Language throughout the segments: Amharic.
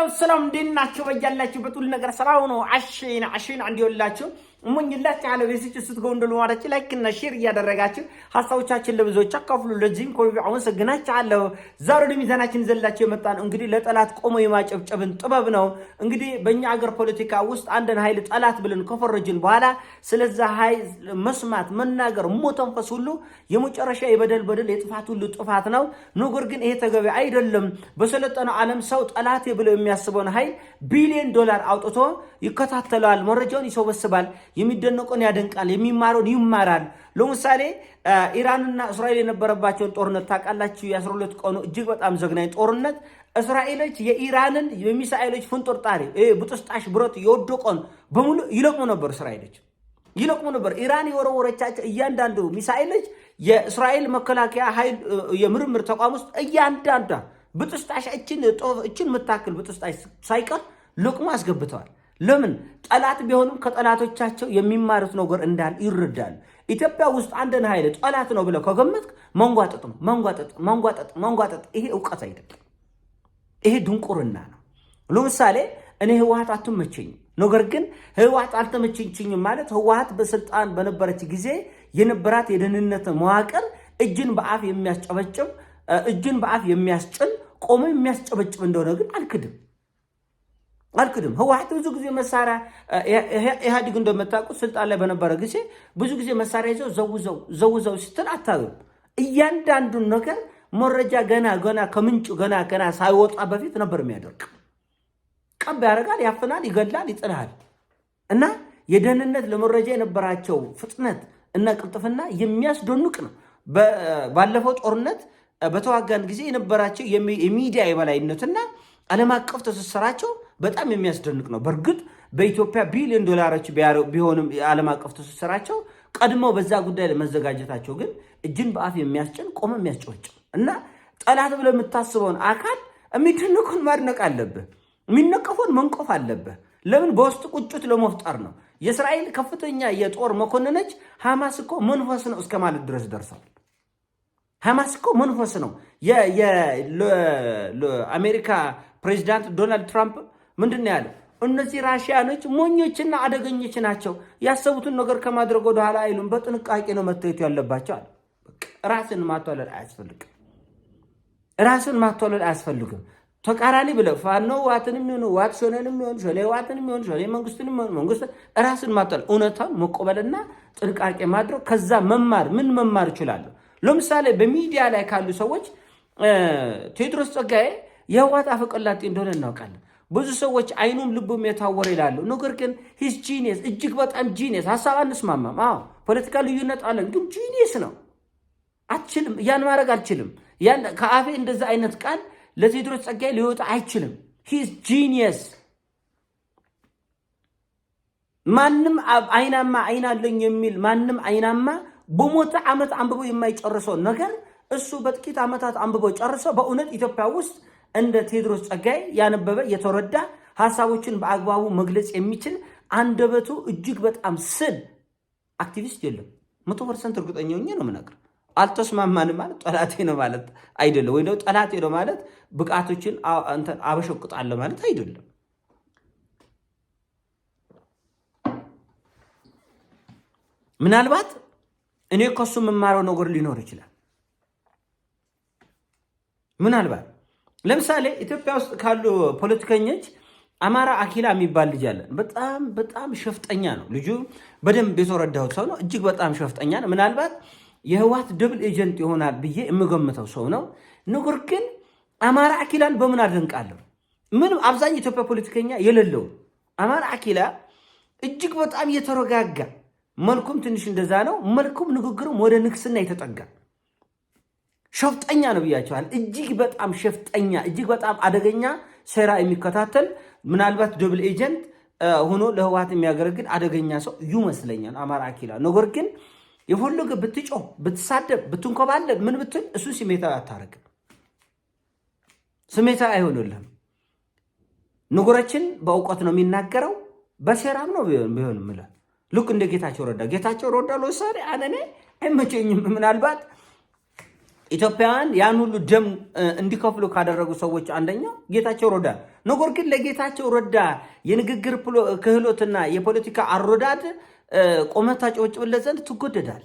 ሰላም ሰላም፣ እንዴት ናችሁ? በያላችሁበት ሁሉ ነገር ሰላም ነው። አሽን አሽን እንዲሆንላችሁ እሞኝላችኋለሁ። የስች ስትጎንዱ ልማዳች ላይክና ሼር እያደረጋችሁ ሀሳቦቻችን ለብዙዎች አካፍሉ። ለዚህም ኮቪ አመሰግናችኋለሁ። ዛሬ ወደ ሚዛናችን ዘላቸው የመጣን እንግዲህ ለጠላት ቆሞ የማጨብጨብን ጥበብ ነው። እንግዲህ በእኛ አገር ፖለቲካ ውስጥ አንድን ኃይል ጠላት ብለን ከፈረጅን በኋላ ስለዛ ኃይል መስማት፣ መናገር፣ ሞተንፈስ ሁሉ የመጨረሻ የበደል በደል የጥፋት ሁሉ ጥፋት ነው። ነገር ግን ይሄ ተገቢ አይደለም። በሰለጠነው ዓለም ሰው ጠላቴ ብሎ የሚያስበውን ኃይል ቢሊዮን ዶላር አውጥቶ ይከታተለዋል፣ መረጃውን ይሰበስባል። የሚደነቀውን ያደንቃል፣ የሚማረውን ይማራል። ለምሳሌ ኢራንና እስራኤል የነበረባቸውን ጦርነት ታውቃላችሁ። የ የ12 ቀኑ እጅግ በጣም ዘግናኝ ጦርነት እስራኤሎች የኢራንን የሚሳኤሎች ፍንጦር ጣሪ ብጥስጣሽ ብረት የወደቀውን በሙሉ ይለቅሙ ነበር። እስራኤሎች ይለቅሙ ነበር። ኢራን የወረወረቻቸው እያንዳንዱ ሚሳኤሎች የእስራኤል መከላከያ ኃይል የምርምር ተቋም ውስጥ እያንዳንዷ ብጥስጣሽ እችን እችን የምታክል ብጥስጣሽ ሳይቀር ለቅሞ አስገብተዋል። ለምን ጠላት ቢሆንም ከጠላቶቻቸው የሚማሩት ነገር እንዳል ይረዳሉ። ኢትዮጵያ ውስጥ አንድን ኃይል ጠላት ነው ብለው ከገመትክ መንጓጠጥ ነው። መንጓጠጥ መንጓጠጥ መንጓጠጥ። ይሄ እውቀት አይደለም፣ ይሄ ድንቁርና ነው። ለምሳሌ እኔ ህወሓት አትመቸኝም፣ ነገር ግን ህወሓት አልተመቸኝም ማለት ህወሓት በስልጣን በነበረች ጊዜ የነበራት የደህንነት መዋቅር እጅን በአፍ የሚያስጨበጭብ እጅን በአፍ የሚያስጭን ቆሞ የሚያስጨበጭብ እንደሆነ ግን አልክድም። አልክድም። ህወሓት ብዙ ጊዜ መሳሪያ ኢህአዲግ እንደምታውቁት ስልጣን ላይ በነበረ ጊዜ ብዙ ጊዜ መሳሪያ ይዘው ዘውዘው ዘውዘው ስትል አታዩም። እያንዳንዱን ነገር መረጃ ገና ገና ከምንጩ ገና ገና ሳይወጣ በፊት ነበር የሚያደርግ። ቀብ ያደርጋል፣ ያፍናል፣ ይገላል፣ ይጥልሃል እና የደህንነት ለመረጃ የነበራቸው ፍጥነት እና ቅልጥፍና የሚያስደንቅ ነው። ባለፈው ጦርነት በተዋጋን ጊዜ የነበራቸው የሚዲያ የበላይነትና ዓለም አቀፍ ትስስራቸው በጣም የሚያስደንቅ ነው። በእርግጥ በኢትዮጵያ ቢሊዮን ዶላሮች ቢሆንም የዓለም አቀፍ ትስስራቸው ቀድመው በዛ ጉዳይ ለመዘጋጀታቸው ግን እጅን በአፍ የሚያስጭን ቆመ የሚያስጨወጭም እና ጠላት ብለ የምታስበውን አካል የሚደነቁን ማድነቅ አለብህ፣ የሚነቀፉን መንቆፍ አለብህ። ለምን በውስጥ ቁጭት ለመፍጠር ነው። የእስራኤል ከፍተኛ የጦር መኮንነች ሐማስ እኮ መንፈስ ነው እስከ ማለት ድረስ ደርሰዋል። ሐማስ እኮ መንፈስ ነው። የአሜሪካ ፕሬዚዳንት ዶናልድ ትራምፕ ምንድን ነው ያለው? እነዚህ ራሽያኖች ሞኞችና አደገኞች ናቸው። ያሰቡትን ነገር ከማድረግ ወደኋላ አይሉም። በጥንቃቄ ነው መታየቱ ያለባቸው አለ። ራስን ማታለል አያስፈልግም። ራስን ማታለል አያስፈልግም። ተቃራኒ ብለ ፋኖ ዋትንም ይሁን ዋት ሾኔንም ይሁን ሾኔ ዋትንም ይሁን ሾኔ መንግስትንም ይሁን መንግስት ራስን ማታለል እውነታን መቆበልና ጥንቃቄ ማድረግ ከዛ መማር ምን መማር ይችላሉ? ለምሳሌ በሚዲያ ላይ ካሉ ሰዎች ቴዎድሮስ ጸጋዬ የህወሓት አፈቀላጤ እንደሆነ እናውቃለን። ብዙ ሰዎች አይኑም ልቡም የታወረ ይላሉ። ነገር ግን ሂስ ጂኒየስ እጅግ በጣም ጂኒየስ። ሀሳብ አንስማማም። አዎ ፖለቲካ ልዩነት አለን፣ ግን ጂኒየስ ነው። አትችልም፣ ያን ማድረግ አልችልም። ከአፌ እንደዛ አይነት ቃል ለቴዎድሮስ ጸጋዬ ሊወጣ አይችልም። ሂስ ጂኒየስ። ማንም አይናማ አይን አለኝ የሚል ማንም አይናማ በሞተ ዓመት አንብቦ የማይጨርሰው ነገር እሱ በጥቂት ዓመታት አንብቦ ጨርሰው በእውነት ኢትዮጵያ ውስጥ እንደ ቴዎድሮስ ጸጋይ ያነበበ የተረዳ ሀሳቦችን በአግባቡ መግለጽ የሚችል አንደበቱ እጅግ በጣም ስል አክቲቪስት የለም። መቶ ፐርሰንት እርግጠኛ ሆኜ ነው የምነግር። አልተስማማን ማለት ጠላቴ ነው ማለት አይደለም፣ ወይ ጠላቴ ነው ማለት ብቃቶችን አበሸቅጣለሁ ማለት አይደለም። ምናልባት እኔ ከሱ የምማረው ነገር ሊኖር ይችላል ምናልባት ለምሳሌ ኢትዮጵያ ውስጥ ካሉ ፖለቲከኞች አማራ አኪላ የሚባል ልጅ አለን። በጣም በጣም ሸፍጠኛ ነው ልጁ። በደንብ የተረዳሁት ሰው ነው። እጅግ በጣም ሸፍጠኛ ነው። ምናልባት የህዋት ደብል ኤጀንት ይሆናል ብዬ የምገምተው ሰው ነው። ነገር ግን አማራ አኪላን በምን አደንቃለሁ? ምንም አብዛኛው ኢትዮጵያ ፖለቲከኛ የሌለው አማራ አኪላ እጅግ በጣም የተረጋጋ መልኩም ትንሽ እንደዛ ነው። መልኩም ንግግርም ወደ ንግስና የተጠጋ ሸፍጠኛ ነው ብያቸዋል። እጅግ በጣም ሸፍጠኛ፣ እጅግ በጣም አደገኛ ሴራ የሚከታተል ምናልባት ዶብል ኤጀንት ሆኖ ለህወሓት የሚያገለግል አደገኛ ሰው ይመስለኛል አማራ አኪላ። ነገር ግን የፈለገ ብትጮህ፣ ብትሳደብ፣ ብትንኮባለል፣ ምን ብትል እሱን ስሜታዊ አታረግም፣ ስሜታዊ አይሆንልህም። ነገሮችን በእውቀት ነው የሚናገረው፣ በሴራም ነው ቢሆን ምለ ልክ እንደ ጌታቸው ረዳ ጌታቸው ረዳ ለምሳሌ አነኔ አይመቸኝም ምናልባት ኢትዮጵያውያን ያን ሁሉ ደም እንዲከፍሉ ካደረጉ ሰዎች አንደኛው ጌታቸው ረዳ። ነገር ግን ለጌታቸው ረዳ የንግግር ክህሎትና የፖለቲካ አረዳድ ቆመታ ታጨበጭብለት ዘንድ ትጎደዳል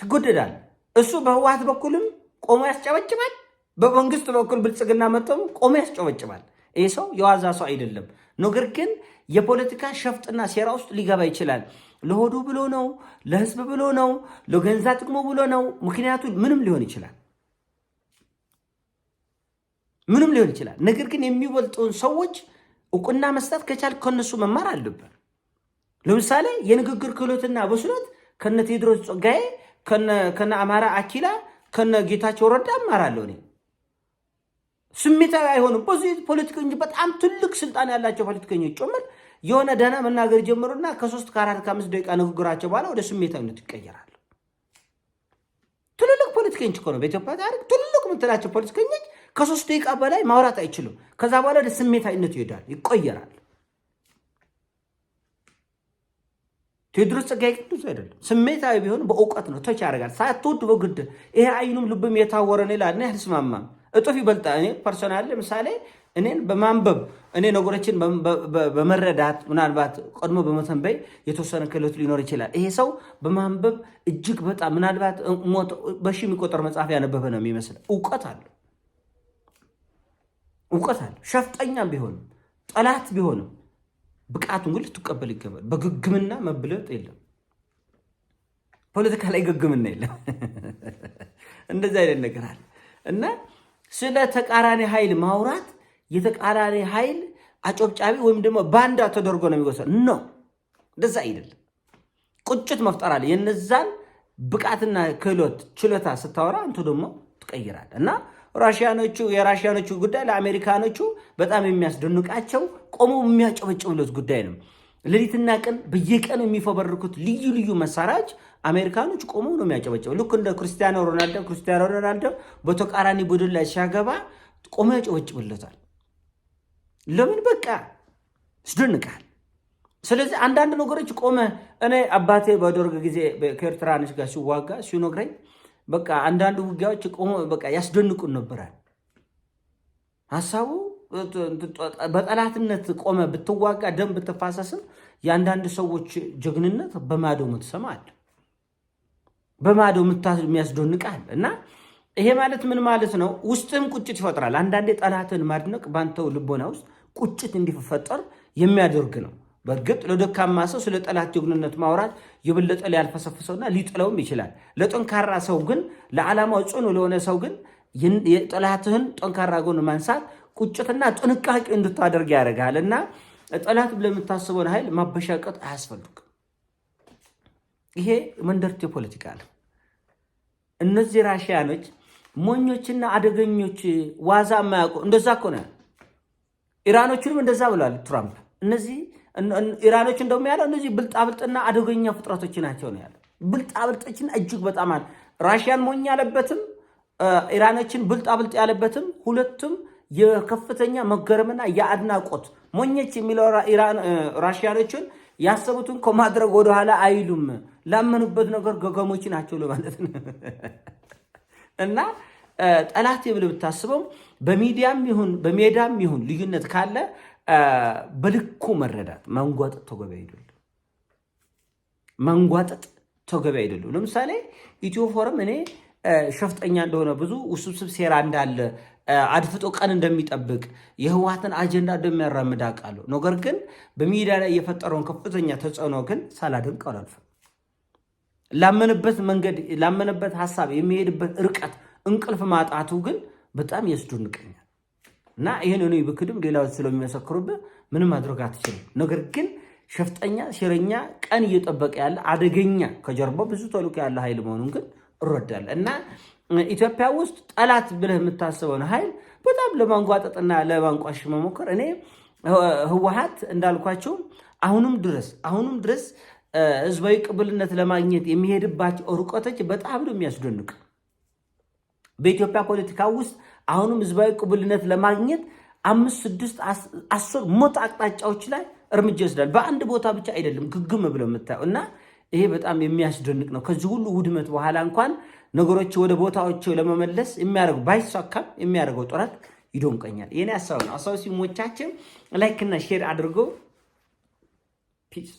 ትጎደዳል። እሱ በህወሓት በኩልም ቆሞ ያስጨበጭባል፣ በመንግስት በኩል ብልጽግና መጥቶም ቆሞ ያስጨበጭባል። ይህ ሰው የዋዛ ሰው አይደለም። ነገር ግን የፖለቲካ ሸፍጥና ሴራ ውስጥ ሊገባ ይችላል። ለሆዱ ብሎ ነው፣ ለህዝብ ብሎ ነው፣ ለገንዛ ጥቅሙ ብሎ ነው። ምክንያቱ ምንም ሊሆን ይችላል፣ ምንም ሊሆን ይችላል። ነገር ግን የሚበልጠውን ሰዎች እውቅና መስጠት ከቻል ከነሱ መማር አለብን። ለምሳሌ የንግግር ክህሎትና በስሎት ከነ ቴድሮስ ጸጋዬ፣ ከነ አማራ አኪላ፣ ከነ ጌታቸው ረዳ እማራለሁ እኔ ስሜታዊ አይሆንም። በዚህ ፖለቲከኞች በጣም ትልቅ ስልጣን ያላቸው ፖለቲከኞች ጭምር የሆነ ደህና መናገር ጀምሩና ከሶስት ከአራት ከአምስት ደቂቃ ንግግራቸው በኋላ ወደ ስሜታዊነት ይቀየራሉ። ትልልቅ ፖለቲከኞች እኮ ነው በኢትዮጵያ ታሪክ ትልልቅ ምትላቸው ፖለቲከኞች ከሶስት ደቂቃ በላይ ማውራት አይችሉም። ከዛ በኋላ ወደ ስሜታዊነት ይሄዳል፣ ይቆየራል። ቴዎድሮስ ጸጋዬ ቅዱስ አይደለም። ስሜታዊ ቢሆን በእውቀት ነው ተች ያደርጋል። ሳትወድ በግድ ይሄ አይኑም ልብም የታወረ ነው ይላል። እኔ አልስማማም። እጥፍ ይበልጣል። እኔ ፐርሶናል ለምሳሌ እኔን በማንበብ እኔ ነገሮችን በመረዳት ምናልባት ቀድሞ በመተንበይ የተወሰነ ክህሎት ሊኖር ይችላል። ይሄ ሰው በማንበብ እጅግ በጣም ምናልባት በሺ የሚቆጠር መጽሐፍ ያነበበ ነው የሚመስለው። እውቀት አለው፣ እውቀት አለ ሸፍጠኛም ቢሆንም ጠላት ቢሆንም ብቃቱን ግን ልትቀበል ይገባል። በግግምና መብለጥ የለም። ፖለቲካ ላይ ግግምና የለም። እንደዚህ አይነት ነገር አለ እና ስለ ተቃራኒ ኃይል ማውራት የተቃራኒ ኃይል አጨብጫቢ ወይም ደግሞ ባንዳ ተደርጎ ነው የሚወሰድ ኖ እንደዛ አይደለም። ቁጭት መፍጠር አለ። የነዛን ብቃትና ክህሎት ችሎታ ስታወራ አንተ ደግሞ ትቀይራል እና ራሽያኖቹ የራሽያኖቹ ጉዳይ ለአሜሪካኖቹ በጣም የሚያስደንቃቸው ቆሞ የሚያጨበጭብለት ጉዳይ ነው። ሌሊትና ቀን በየቀን የሚፈበርኩት ልዩ ልዩ መሳሪያዎች አሜሪካኖች ቆመው ነው የሚያጨበጭበ ልክ እንደ ክርስቲያኖ ሮናልዶ ክርስቲያኖ ሮናልዶ በተቃራኒ ቡድን ላይ ሲያገባ ቆሞ ያጨበጭብለታል። ለምን በቃ ያስደንቃል። ስለዚህ አንዳንድ ነገሮች ቆመ። እኔ አባቴ በደርግ ጊዜ ከኤርትራኖች ጋር ሲዋጋ ሲኖግረኝ በቃ አንዳንድ ውጊያዎች ቆመ በቃ ያስደንቁን ነበራል። ሀሳቡ በጠላትነት ቆመ ብትዋጋ ደም ብትፋሰስም የአንዳንድ ሰዎች ጀግንነት በማዶ ምትሰማል፣ በማዶ የሚያስደንቃል። እና ይሄ ማለት ምን ማለት ነው? ውስጥም ቁጭት ይፈጥራል። አንዳንዴ ጠላትን ማድነቅ ባንተው ልቦና ውስጥ ቁጭት እንዲፈጠር የሚያደርግ ነው። በእርግጥ ለደካማ ሰው ስለ ጠላት ጀግንነት ማውራት የበለጠ ሊያልፈሰፍሰውና ሊጥለውም ይችላል። ለጠንካራ ሰው ግን፣ ለዓላማው ጽኑ ለሆነ ሰው ግን ጠላትህን ጠንካራ ጎን ማንሳት ቁጭትና ጥንቃቄ እንድታደርግ ያደርጋል እና ጠላት ብለህ የምታስበውን ኃይል ማበሻቀጥ አያስፈልግም። ይሄ መንደርት የፖለቲካ ነው። እነዚህ ራሽያኖች ሞኞችና አደገኞች ዋዛ የማያውቁ እንደዛ እኮ ነው። ኢራኖችንም እንደዛ ብለዋል ትራምፕ። እነዚህ ኢራኖች እንደውም ያለው እነዚህ ብልጣብልጥና አደገኛ ፍጥረቶች ናቸው ነው ያለ። ብልጣብልጦችን እጅግ በጣም አለ ራሽያን ሞኝ ያለበትም ኢራኖችን ብልጣብልጥ ያለበትም ሁለቱም የከፍተኛ መገረምና የአድናቆት ሞኞች የሚለው ራሽያኖችን ያሰቡትን ከማድረግ ወደኋላ አይሉም። ላመኑበት ነገር ገገሞች ናቸው ለማለት ነው እና ጠላት ብለ ብታስበው በሚዲያም ይሁን በሜዳም ይሁን ልዩነት ካለ በልኩ መረዳት መንጓጠጥ ተገቢ አይደለም። መንጓጠጥ ተገቢ አይደለም። ለምሳሌ ኢትዮ ፎረም እኔ ሸፍጠኛ እንደሆነ ብዙ ውስብስብ ሴራ እንዳለ አድፍጦ ቀን እንደሚጠብቅ የህወሓትን አጀንዳ እንደሚያራምድ አውቃለሁ። ነገር ግን በሚዲያ ላይ የፈጠረውን ከፍተኛ ተጽዕኖ ግን ሳላደንቅ አላልፍም። ላመነበት መንገድ ላመነበት ሀሳብ የሚሄድበት እርቀት እንቅልፍ ማጣቱ ግን በጣም ያስደንቀኛል። እና ይህን እኔ ብክድም ሌላዎች ስለሚመሰክሩብህ ምንም ማድረግ አትችልም። ነገር ግን ሸፍጠኛ፣ ሴረኛ፣ ቀን እየጠበቀ ያለ አደገኛ፣ ከጀርባ ብዙ ተልዕኮ ያለ ኃይል መሆኑን ግን እረዳለሁ እና ኢትዮጵያ ውስጥ ጠላት ብለህ የምታስበውን ኃይል በጣም ለማንጓጠጥና ለማንቋሽ መሞከር እኔ ህወሀት እንዳልኳቸው አሁንም ድረስ አሁንም ድረስ ህዝባዊ ቅብልነት ለማግኘት የሚሄድባቸው ርቀቶች በጣም ነው የሚያስደንቅ። በኢትዮጵያ ፖለቲካ ውስጥ አሁንም ህዝባዊ ቅቡልነት ለማግኘት አምስት ስድስት አስር ሞት አቅጣጫዎች ላይ እርምጃ ይወስዳል። በአንድ ቦታ ብቻ አይደለም ግግም ብለው የምታየው እና ይሄ በጣም የሚያስደንቅ ነው። ከዚህ ሁሉ ውድመት በኋላ እንኳን ነገሮች ወደ ቦታዎቸው ለመመለስ የሚያደርገው ባይሳካም የሚያደርገው ጥረት ይዶንቀኛል። ይህኔ ሀሳብ ነው። አሳብ ሲሞቻችን ላይክና ሼር አድርገው ፒስ